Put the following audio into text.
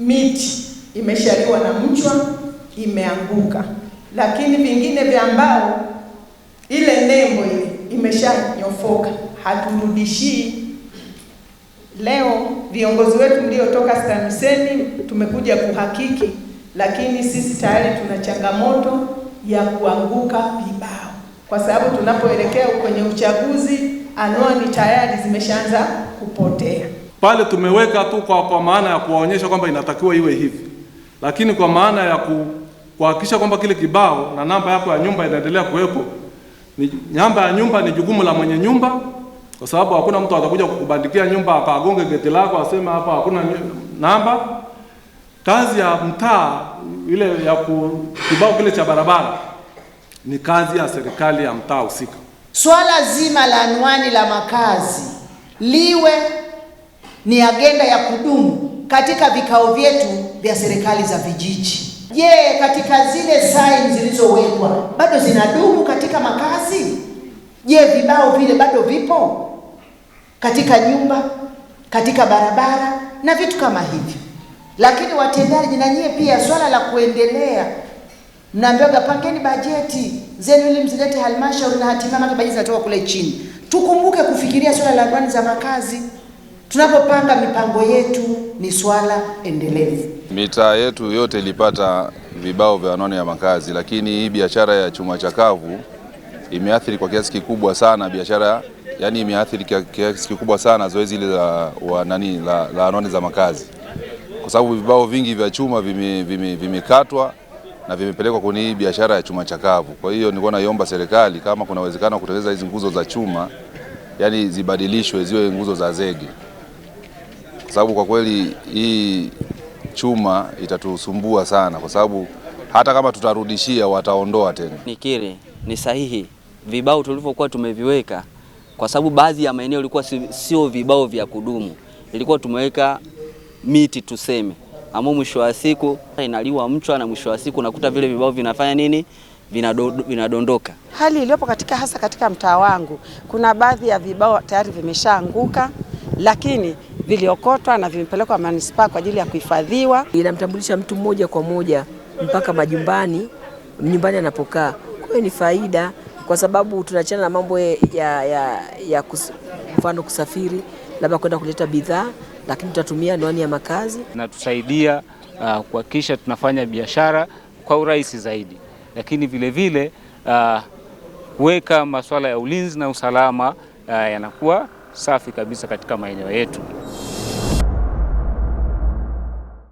miti imeshaliwa na mchwa imeanguka, lakini vingine vya mbao ile nembo ile imeshanyofoka, haturudishii. Leo viongozi wetu mliotoka TAMISEMI tumekuja kuhakiki, lakini sisi tayari tuna changamoto ya kuanguka vibao, kwa sababu tunapoelekea kwenye uchaguzi, anwani tayari zimeshaanza kupotea pale tumeweka tu kwa, kwa maana ya kuwaonyesha kwamba inatakiwa iwe hivi, lakini kwa maana ya kuhakikisha kwamba kile kibao na namba yako ya nyumba inaendelea kuwepo. Ni namba ya nyumba ni jukumu la mwenye nyumba, kwa sababu hakuna mtu atakuja kukubandikia nyumba akagonge geti lako aseme hapa hakuna namba. Kazi ya mtaa ile ya ku, kibao kile cha barabara ni kazi ya serikali ya mtaa husika. Swala zima la anwani la makazi liwe ni agenda ya kudumu katika vikao vyetu vya serikali za vijiji. Je, katika zile sign zilizowekwa bado zinadumu katika makazi? Je, vibao vile bado vipo katika nyumba, katika barabara na vitu kama hivyo? Lakini watendaji, na nyie pia, swala la kuendelea mnaambiwaga pangeni bajeti zenu ili mzilete halmashauri na hatimaye bajeti zinatoka kule chini. Tukumbuke kufikiria swala la anwani za makazi. Tunapopanga mipango yetu ni swala endelevu. Mitaa yetu yote ilipata vibao vya anwani ya makazi, lakini hii biashara ya chuma chakavu imeathiri kwa kiasi kikubwa sana biashara, yani imeathiri kwa kiasi kikubwa sana zoezi hili la, wa, nani, la, la anwani za makazi, kwa sababu vibao vingi vya chuma vimekatwa vime, vime na vimepelekwa kwenye hii biashara ya chuma chakavu. Kwa hiyo nilikuwa naiomba serikali kama kuna uwezekano wa kutengeneza hizi nguzo za chuma, yani zibadilishwe ziwe nguzo za zege sababu kwa kweli hii chuma itatusumbua sana, kwa sababu hata kama tutarudishia wataondoa tena. Nikiri ni sahihi vibao tulivyokuwa tumeviweka, kwa sababu baadhi ya maeneo ilikuwa sio vibao vya kudumu, ilikuwa tumeweka miti tuseme, ambao mwisho wa siku inaliwa mchwa na mwisho wa siku nakuta vile vibao vinafanya nini vinadondoka. Hali iliyopo katika hasa katika mtaa wangu, kuna baadhi ya vibao tayari vimeshaanguka, lakini viliokotwa na vimepelekwa manispaa kwa ajili ya kuhifadhiwa. Inamtambulisha mtu mmoja kwa moja mpaka majumbani, nyumbani anapokaa. Kwa hiyo ni faida, kwa sababu tunaachana na mambo ya, ya, ya kus, mfano kusafiri labda kwenda kuleta bidhaa, lakini tutatumia anwani ya makazi. Natusaidia uh, kuhakikisha tunafanya biashara kwa urahisi zaidi, lakini vilevile uh, kuweka uh, masuala ya ulinzi na usalama uh, yanakuwa safi kabisa katika maeneo yetu.